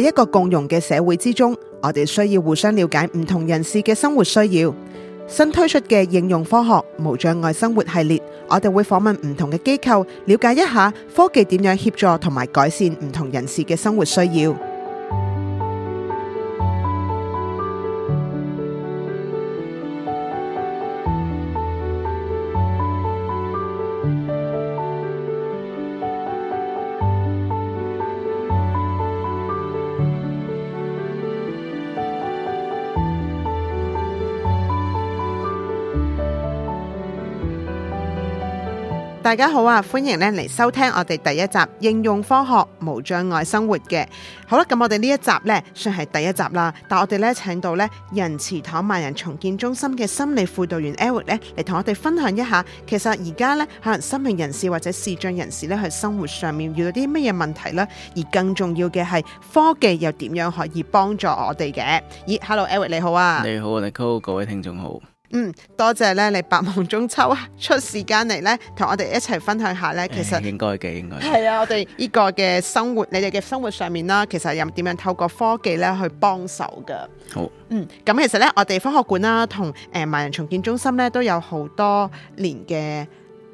喺一個共融嘅社會之中，我哋需要互相了解唔同人士嘅生活需要。新推出嘅應用科學無障礙生活系列，我哋會訪問唔同嘅機構，了解一下科技點樣協助同埋改善唔同人士嘅生活需要。大家好啊，歡迎咧嚟收聽我哋第一集應用科學無障礙生活嘅。好啦，咁我哋呢一集咧算係第一集啦。但我哋咧請到咧仁慈躺萬人重建中心嘅心理輔導員 Eric 咧嚟同我哋分享一下，其實而家咧可能生命人士或者視障人士咧喺生活上面遇到啲乜嘢問題啦，而更重要嘅係科技，又點樣可以幫助我哋嘅。以 Hello Eric 你好啊，你好，我哋 o 各位聽眾好。嗯，多謝咧，你百忙中抽出時間嚟，咧，同我哋一齊分享下咧。其實應該嘅，應該係啊，我哋呢個嘅生活， 你哋嘅生活上面啦，其實又點樣透過科技咧去幫手噶？好，嗯，咁其實咧，我哋科學館啦，同誒、呃、盲人重建中心咧，都有好多年嘅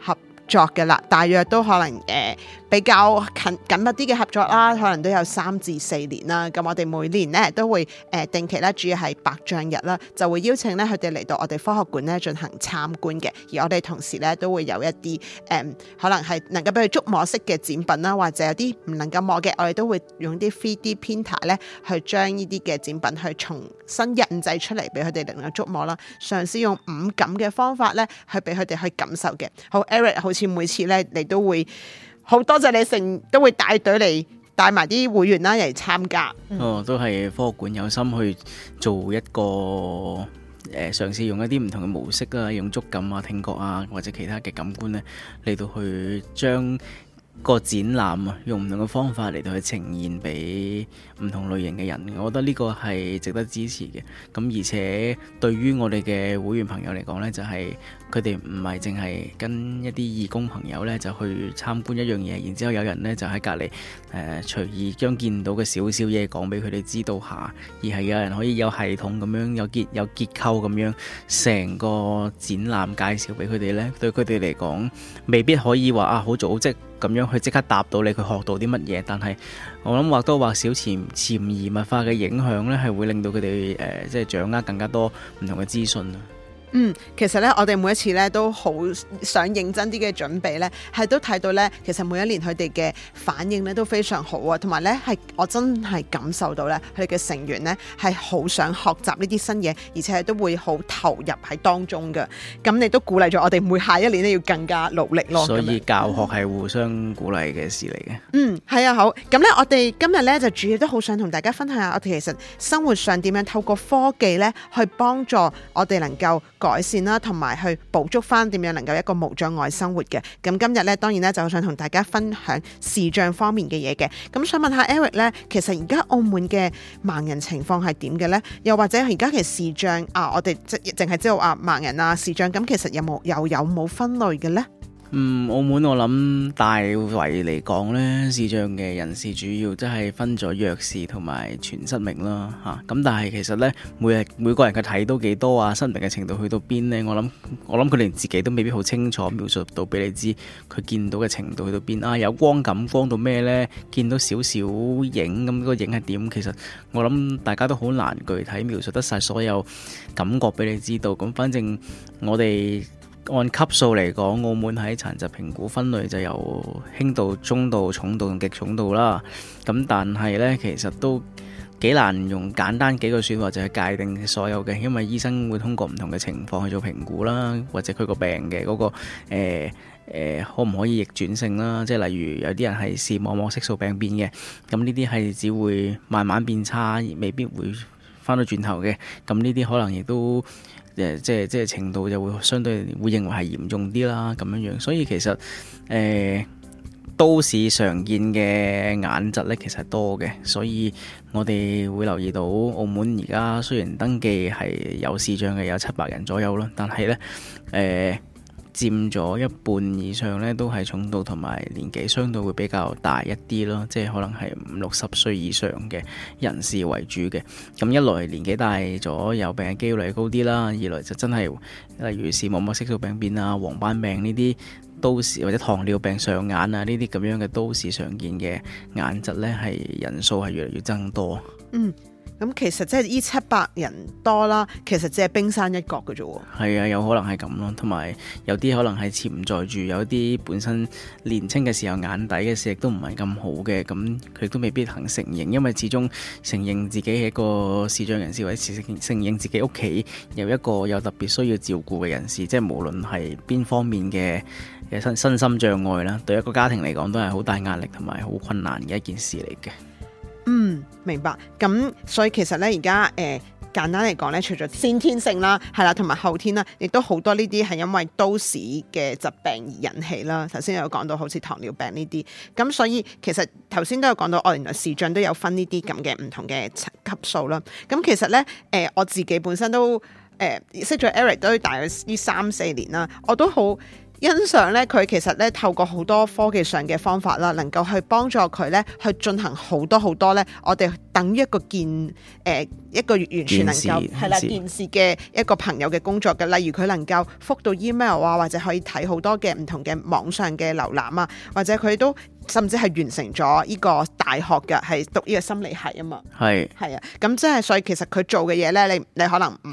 合作嘅啦，大約都可能誒。呃比較緊緊密啲嘅合作啦，可能都有三至四年啦。咁我哋每年咧都會誒、呃、定期咧，主要係白杖日啦，就會邀請咧佢哋嚟到我哋科學館咧進行參觀嘅。而我哋同時咧都會有一啲誒、嗯，可能係能夠俾佢觸摸式嘅展品啦，或者有啲唔能夠摸嘅，我哋都會用啲 three D printer 咧去將呢啲嘅展品去重新印製出嚟俾佢哋能夠觸摸啦，嘗試用五感嘅方法咧去俾佢哋去感受嘅。好，Eric 好似每次咧你都會。好，多謝你成都會帶隊嚟帶埋啲會員啦嚟參加。嗯、哦，都係科學館有心去做一個誒，呃、嘗試用一啲唔同嘅模式啊，用觸感啊、聽覺啊或者其他嘅感官咧嚟到去將。個展覽啊，用唔同嘅方法嚟到去呈現俾唔同類型嘅人，我覺得呢個係值得支持嘅。咁而且對於我哋嘅會員朋友嚟講呢，就係佢哋唔係淨係跟一啲義工朋友呢就去參觀一樣嘢，然之後有人呢就喺隔籬誒隨意將見到嘅少少嘢講俾佢哋知道下，而係有人可以有系統咁樣有結有結構咁樣成個展覽介紹俾佢哋呢，對佢哋嚟講未必可以話，啊，好組織。咁樣去即刻答到你佢學到啲乜嘢，但係我諗或多或少潛移默化嘅影響咧，係會令到佢哋誒即係掌握更加多唔同嘅資訊啦。嗯，其實咧，我哋每一次咧都好想認真啲嘅準備咧，係都睇到咧，其實每一年佢哋嘅反應咧都非常好啊，同埋咧係我真係感受到咧，佢哋嘅成員咧係好想學習呢啲新嘢，而且都會好投入喺當中嘅。咁你都鼓勵咗我哋每下一年都要更加努力咯。所以教學係互相鼓勵嘅事嚟嘅。嗯，係啊，好。咁咧，我哋今日咧就主要都好想同大家分享下，我哋其實生活上點樣透過科技咧去幫助我哋能夠。改善啦，同埋去捕捉翻點樣能夠一個無障礙生活嘅。咁今日咧，當然咧就想同大家分享視障方面嘅嘢嘅。咁想問下 Eric 咧，其實而家澳門嘅盲人情況係點嘅呢？又或者而家嘅視障，啊？我哋即係淨係知道話盲人啊，視障咁，其實有冇又有冇分類嘅呢？嗯，澳門我諗大圍嚟講呢，視障嘅人士主要即係分咗弱視同埋全失明啦，吓、啊、咁但係其實呢，每日每個人嘅睇都幾多啊，失明嘅程度去到邊呢？我諗我諗佢連自己都未必好清楚描述到俾你知，佢見到嘅程度去到邊啊？有光感光到咩呢？見到少少影咁個影係點？其實我諗大家都好難具體描述得晒所有感覺俾你知道。咁反正我哋。按級數嚟講，澳門喺殘疾評估分類就由輕度、中度、重度同極重度啦。咁但係呢，其實都幾難用簡單幾個數字或者係界定所有嘅，因為醫生會通過唔同嘅情況去做評估啦，或者佢個病嘅嗰個誒誒可唔可以逆轉性啦。即係例如有啲人係視網膜色素病變嘅，咁呢啲係只會慢慢變差，未必會翻到轉頭嘅。咁呢啲可能亦都。即係即係程度就會相對會認為係嚴重啲啦咁樣樣，所以其實誒、呃、都市常見嘅眼疾呢，其實係多嘅，所以我哋會留意到澳門而家雖然登記係有視障嘅有七百人左右咯，但係呢，誒、呃。佔咗一半以上呢，都係重度同埋年紀相對會比較大一啲咯，即係可能係五六十歲以上嘅人士為主嘅。咁一來年紀大咗，有病嘅機率高啲啦；二來就真係例如視網膜色素病變啊、黃斑病呢啲，都係，或者糖尿病上眼啊呢啲咁樣嘅，都係，常見嘅眼疾呢，係人數係越嚟越增多。嗯。咁其實即係呢七百人多啦，其實只係冰山一角嘅啫喎。係啊，有可能係咁咯，同埋有啲可能係潛在住，有啲本身年青嘅時候眼底嘅視力都唔係咁好嘅，咁佢都未必肯承認，因為始終承認自己係一個視障人士，或者承承認自己屋企有一個有特別需要照顧嘅人士，即係無論係邊方面嘅嘅身身心障礙啦，對一個家庭嚟講都係好大壓力同埋好困難嘅一件事嚟嘅。嗯，明白。咁所以其實咧，而家誒，簡單嚟講咧，除咗先天性啦，係啦，同埋後天啦，亦都好多呢啲係因為都市嘅疾病而引起啦。頭先有講到好似糖尿病呢啲，咁所以其實頭先都有講到，我原來視障都有分呢啲咁嘅唔同嘅級數啦。咁其實咧，誒、呃，我自己本身都誒、呃、識咗 Eric 都大約呢三四年啦，我都好。欣賞咧，佢其實咧透過好多科技上嘅方法啦，能夠去幫助佢咧去進行好多好多咧，我哋等於一個健誒、呃、一個完全能夠係啦健視嘅一個朋友嘅工作嘅，例如佢能夠覆到 email 啊，或者可以睇好多嘅唔同嘅網上嘅瀏覽啊，或者佢都。甚至係完成咗呢個大學嘅，係讀呢個心理係啊嘛。係係啊，咁即係所以其實佢做嘅嘢咧，你你可能唔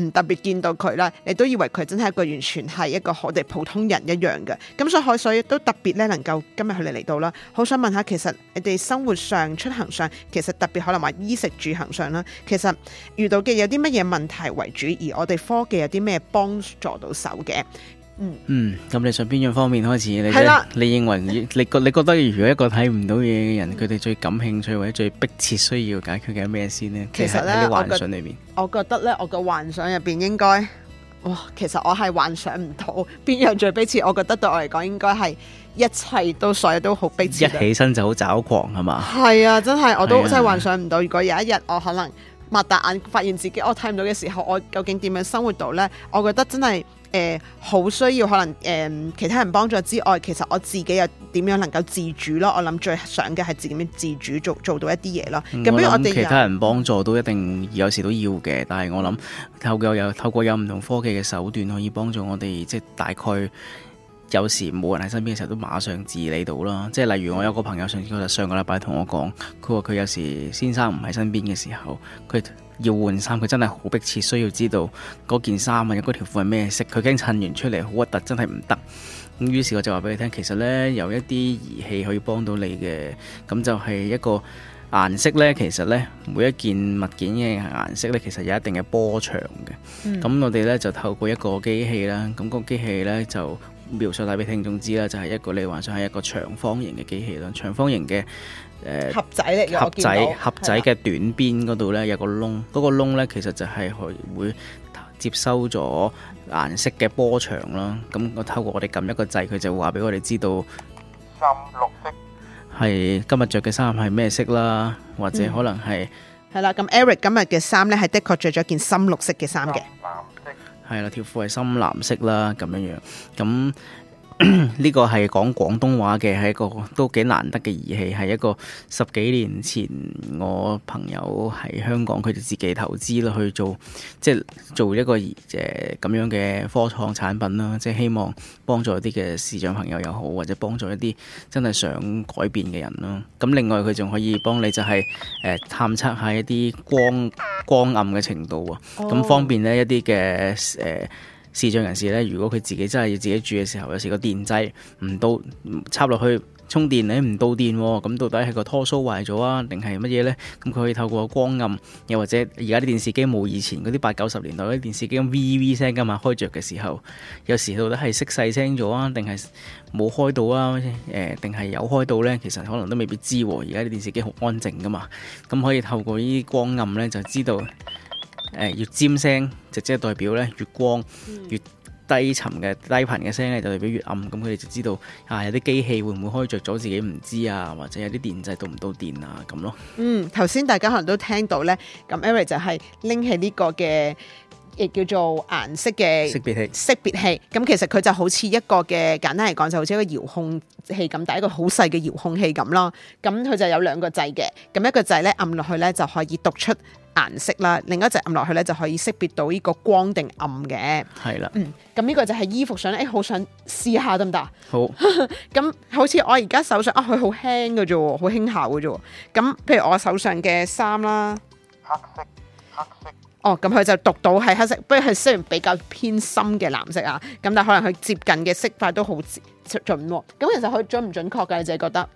唔特別見到佢啦，你都以為佢真係一個完全係一個我哋普通人一樣嘅。咁所以，所以都特別咧能夠今日佢哋嚟到啦。好想問下，其實你哋生活上、出行上，其實特別可能話衣食住行上啦，其實遇到嘅有啲乜嘢問題為主，而我哋科技有啲咩幫助到手嘅？嗯，咁你從邊樣方面開始？你你認為你覺你覺得如果一個睇唔到嘢嘅人，佢哋、嗯、最感興趣或者最迫切需要解決嘅係咩先呢？其實咧，喺幻想裡面我，我覺得咧，我嘅幻想入邊應該，哇，其實我係幻想唔到邊樣最迫切。我覺得對我嚟講，應該係一切都所有都好迫切。一起身就好找狂係嘛？係啊，真係我都真係幻想唔到。啊、如果有一日我可能擘大眼發現自己我睇唔到嘅時候，我究竟點樣生活到咧？我覺得真係。誒好、呃、需要可能誒、呃、其他人幫助之外，其實我自己又點樣能夠自主咯？我諗最想嘅係自己要自主做做到一啲嘢咯。咁我諗其他人幫助都一定有時都要嘅，但係我諗透過有透過有唔同科技嘅手段，可以幫助我哋即係大概有時冇人喺身邊嘅時候，都馬上治理到啦。即係例如我有個朋友上次就上個禮拜同我講，佢話佢有時先生唔喺身邊嘅時候，佢。要換衫，佢真係好迫切，需要知道嗰件衫啊，或者嗰條褲係咩色，佢驚襯完出嚟好核突，真係唔得。咁於是我就話俾你聽，其實呢，有一啲儀器可以幫到你嘅，咁就係一個顏色呢。其實呢，每一件物件嘅顏色呢，其實有一定嘅波長嘅。咁、嗯、我哋呢，就透過一個機器啦，咁個機器呢，就。描述帶俾聽眾知啦，就係一個你幻想係一個長方形嘅機器啦，長方形嘅誒盒仔嚟嘅，盒仔，盒仔嘅短邊嗰度咧有個窿，嗰個窿咧其實就係佢會接收咗顏色嘅波長咯。咁我透過我哋撳一個掣，佢就話俾我哋知道深綠色，係今日着嘅衫係咩色啦，或者可能係係啦。咁 Eric 今日嘅衫咧係的確着咗件深綠色嘅衫嘅。藍色。係啦，條褲係深藍色啦，咁樣樣咁。呢、 這個係講廣東話嘅，係一個都幾難得嘅儀器，係一個十幾年前我朋友喺香港佢哋自己投資咯，去做即係做一個誒咁、呃、樣嘅科創產品啦，即係希望幫助一啲嘅視障朋友又好，或者幫助一啲真係想改變嘅人咯。咁另外佢仲可以幫你就係、是、誒、呃、探測一下一啲光光暗嘅程度啊，咁方便呢一啲嘅誒。呃視障人士呢，如果佢自己真係要自己住嘅時候，有時個電掣唔到插落去充電咧，唔、哎、到電、哦，咁到底係個拖蘇壞咗啊，定係乜嘢呢？咁佢可以透過光暗，又或者而家啲電視機冇以前嗰啲八九十年代嗰啲電視機咁嘰嘰聲噶嘛，開着嘅時候，有時到底係熄細聲咗啊，定係冇開到啊？定、呃、係有開到呢？其實可能都未必知喎、啊。而家啲電視機好安靜噶嘛，咁可以透過呢啲光暗呢，就知道。誒、呃、越尖聲，直即係代表咧越光，越低沉嘅低頻嘅聲咧，就代表越暗。咁佢哋就知道啊，有啲機器會唔會開着咗自己唔知啊，或者有啲電掣到唔到電啊咁咯。嗯，頭先大家可能都聽到咧，咁 Eric 就係拎起呢個嘅。亦叫做顏色嘅識別器，識別器。咁其實佢就好似一個嘅簡單嚟講，就好似一個遙控器咁，但係一個好細嘅遙控器咁咯。咁佢就有兩個掣嘅，咁一個掣咧按落去咧就可以讀出顏色啦，另一隻按落去咧就可以識別到呢個光定暗嘅。係啦，嗯，咁呢個就係衣服上咧，誒，好想試下得唔得？好，咁 好似我而家手上，啊，佢好輕㗎啫喎，好輕巧㗎啫喎。咁譬如我手上嘅衫啦，黑色，黑色。哦，咁佢就讀到係黑色，不過佢雖然比較偏深嘅藍色啊，咁但係可能佢接近嘅色塊都好準，咁其實佢準唔準確嘅？你自己覺得？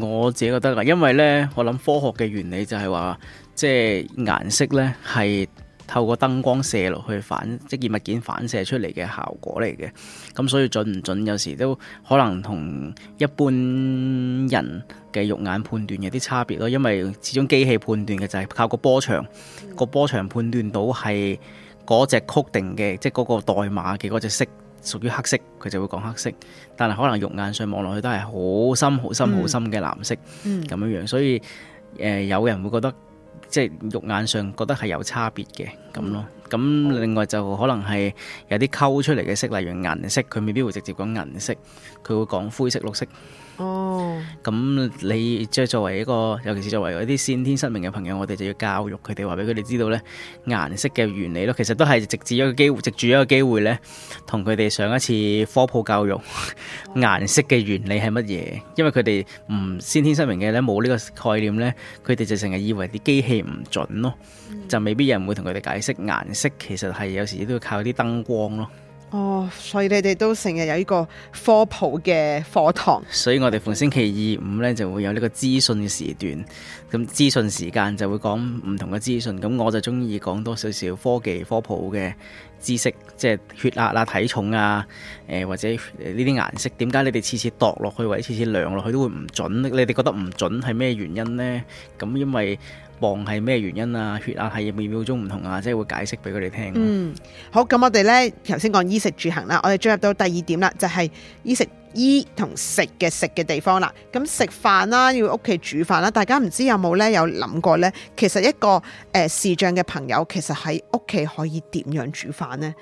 我自己覺得啦，因為咧，我諗科學嘅原理就係話，即係顏色咧係。透過燈光射落去反，即件物件反射出嚟嘅效果嚟嘅。咁所以準唔準，有時都可能同一般人嘅肉眼判斷有啲差別咯。因為始終機器判斷嘅就係靠個波長，個波長判斷到係嗰隻曲定嘅，即係嗰個代碼嘅嗰隻色屬於黑色，佢就會講黑色。但係可能肉眼上望落去都係好深、好深、好深嘅藍色咁樣、嗯嗯、樣。所以誒、呃，有人會覺得。即係肉眼上覺得係有差別嘅咁咯。咁另外就可能係有啲溝出嚟嘅色，例如銀色，佢未必會直接講銀色，佢會講灰色、綠色。哦。咁你即係作為一個，尤其是作為一啲先天失明嘅朋友，我哋就要教育佢哋，話俾佢哋知道咧，顏色嘅原理咯。其實都係藉住一個機會，藉住一個機會咧，同佢哋上一次科普教育， 顏色嘅原理係乜嘢？因為佢哋唔先天失明嘅咧，冇呢個概念咧，佢哋就成日以為啲機器唔準咯，就未必有人會同佢哋解釋顏色。其實係有時都要靠啲燈光咯。哦，oh, 所以你哋都成日有呢個科普嘅課堂。所以我哋逢星期二、五呢，就會有呢個資訊嘅時段。咁資訊時間就會講唔同嘅資訊。咁我就中意講多少少科技科普嘅知識，即係血壓啦、體重啊，誒、呃、或者呢啲顏色，點解你哋次次度落去或者次次量落去都會唔準？你哋覺得唔準係咩原因呢？咁因為。望係咩原因啊？血壓係每秒鐘唔同啊，即係會解釋俾佢哋聽。嗯，好，咁我哋咧，頭先講衣食住行啦，我哋進入到第二點啦，就係、是、衣食衣同食嘅食嘅地方啦。咁食飯啦，要屋企煮飯啦，大家唔知有冇咧，有諗過咧？其實一個誒視、呃、障嘅朋友，其實喺屋企可以點樣煮飯咧？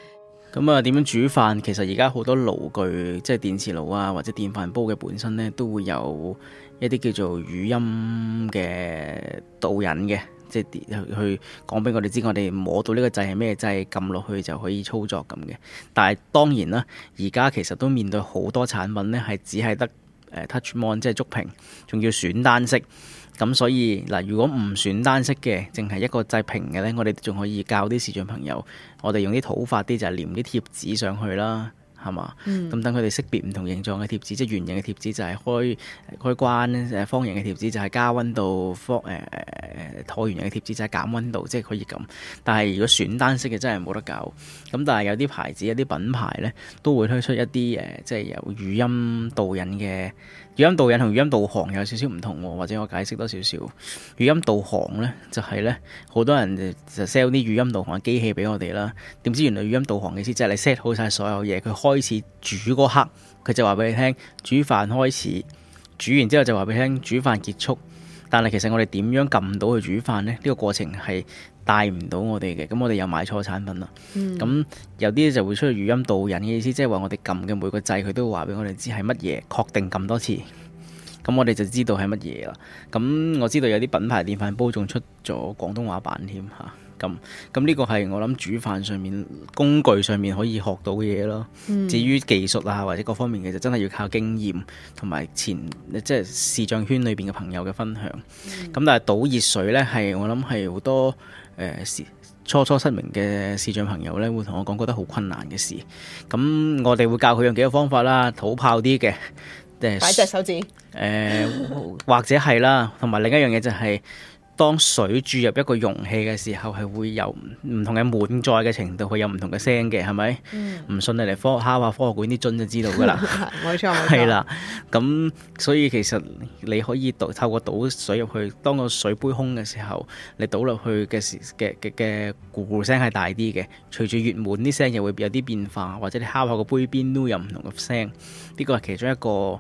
咁啊，點樣、嗯、煮飯？其實而家好多爐具，即係電磁爐啊，或者電飯煲嘅本身呢，都會有一啲叫做語音嘅導引嘅，即係去去講俾我哋知，我哋摸到呢個掣係咩掣，撳落去就可以操作咁嘅。但係當然啦，而家其實都面對好多產品呢，係只係得 touch mode，即係觸屏，仲要選單式。咁所以嗱，如果唔選單色嘅，淨係一個製屏嘅呢，我哋仲可以教啲視障朋友，我哋用啲土法啲，就係黏啲貼紙上去啦，係嘛？咁等佢哋識別唔同形狀嘅貼紙，即係圓形嘅貼紙就係開開關，誒方形嘅貼紙就係加溫度，方誒誒橢圓形嘅貼紙就係減溫度，即係可以咁。但係如果選單色嘅真係冇得搞。咁但係有啲牌子有啲品牌呢，都會推出一啲誒、呃，即係有語音導引嘅。語音導引同語音導航有少少唔同，或者我解釋多少少。語音導航呢，就係呢，好多人就 sell 啲語音導航嘅機器俾我哋啦。點知原來語音導航嘅意思即係你 set 好晒所有嘢，佢開始煮嗰刻，佢就話俾你聽煮飯開始，煮完之後就話俾你聽煮飯結束。但係其實我哋點樣撳到佢煮飯呢？呢個過程係。帶唔到我哋嘅，咁我哋又買錯產品啦。咁、嗯、有啲就會出語音導引嘅意思，即係話我哋撳嘅每個掣，佢都會話俾我哋知係乜嘢，確定撳多次，咁我哋就知道係乜嘢啦。咁我知道有啲品牌電飯煲仲出咗廣東話版添嚇。咁咁呢個係我諗煮飯上面工具上面可以學到嘅嘢咯。嗯、至於技術啊，或者各方面嘅就真係要靠經驗同埋前，即係視像圈裏邊嘅朋友嘅分享。咁、嗯、但係倒熱水呢，係我諗係好多誒、呃、初初失明嘅視像朋友呢，會同我講，覺得好困難嘅事。咁我哋會教佢用幾個方法啦，土炮啲嘅，誒、呃、擺隻手指，誒、 呃、或者係啦，同埋另一樣嘢就係、是。當水注入一個容器嘅時候，係會有唔同嘅滿載嘅程度，佢有唔同嘅聲嘅，係咪？唔、嗯、信你嚟科，敲下，科學館啲樽就知道㗎啦。冇 錯，係啦。咁所以其實你可以倒透過倒水入去，當個水杯空嘅時候，你倒落去嘅時嘅嘅嘅咕咕聲係大啲嘅。隨住越滿，啲聲又會有啲變化，或者你敲下杯邊、個杯邊都有唔同嘅聲。呢個係其中一個。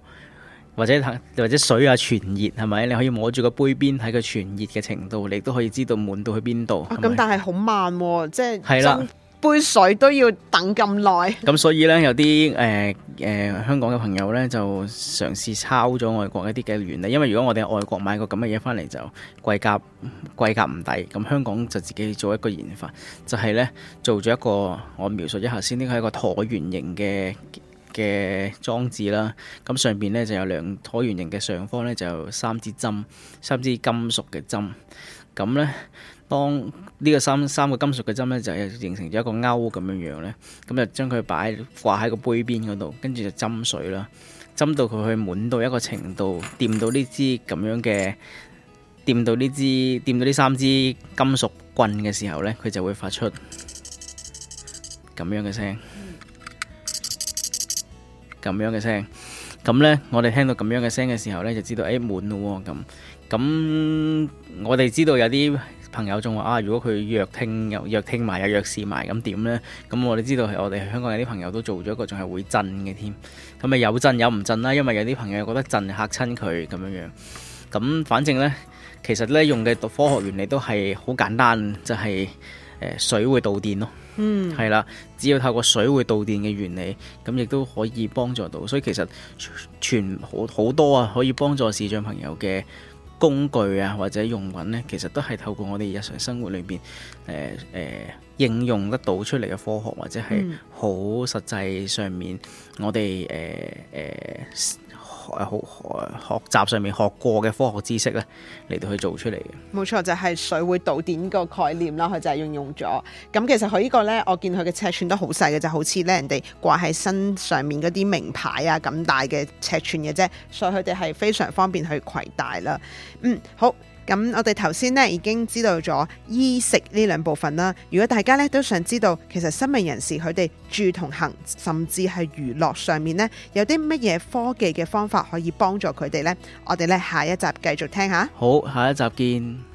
或者或者水啊，全熱係咪？你可以摸住個杯邊睇佢全熱嘅程度，你都可以知道滿到去邊度。咁、啊、但係好慢、啊，即係啦杯水都要等咁耐。咁 所以呢，有啲誒誒香港嘅朋友呢，就嘗試抄咗外國一啲嘅原理。因為如果我哋喺外國買個咁嘅嘢翻嚟，就貴價貴價唔抵。咁香港就自己做一個研發，就係、是、呢，做咗一個我描述一下先，呢個係一個橢圓形嘅。嘅裝置啦，咁上邊呢，就有兩橢圓形嘅上方呢，就有三支針，三支金屬嘅針。咁呢，當呢個三三個金屬嘅針呢，就形成咗一個勾咁樣樣呢。咁就將佢擺掛喺個杯邊嗰度，跟住就斟水啦。斟到佢去滿到一個程度，掂到呢支咁樣嘅，掂到呢支，掂到呢三支金屬棍嘅時候呢，佢就會發出咁樣嘅聲。咁樣嘅聲，咁呢，我哋聽到咁樣嘅聲嘅時候呢，就知道哎，滿咯喎咁。咁、咁、我哋知道有啲朋友仲話啊，如果佢弱聽又弱聽埋又弱視埋，咁點呢？咁我哋知道我哋香港有啲朋友都做咗個仲係會震嘅添。咁啊有震有唔震啦，因為有啲朋友覺得震嚇親佢咁樣樣。咁反正呢，其實呢，用嘅科學原理都係好簡單，就係、是。水會導電咯，嗯，係啦，只要透過水會導電嘅原理，咁亦都可以幫助到，所以其實全好好多啊，可以幫助視障朋友嘅工具啊或者用品呢，其實都係透過我哋日常生活裏邊誒誒應用得到出嚟嘅科學或者係好實際上面、嗯、我哋誒誒。呃呃誒，好學習上面學過嘅科學知識咧，嚟到去做出嚟嘅。冇錯，就係水會導電個概念啦，佢就係應用咗。咁其實佢呢個呢，我見佢嘅尺寸都好細嘅，就好似呢人哋掛喺身上面嗰啲名牌啊咁大嘅尺寸嘅啫，所以佢哋係非常方便去攜帶啦。嗯，好。咁、嗯、我哋頭先咧，已經知道咗衣食呢兩部分啦。如果大家咧都想知道，其實失明人士佢哋住同行，甚至係娛樂上面咧有啲乜嘢科技嘅方法可以幫助佢哋呢？我哋咧下一集繼續聽下。好，下一集見。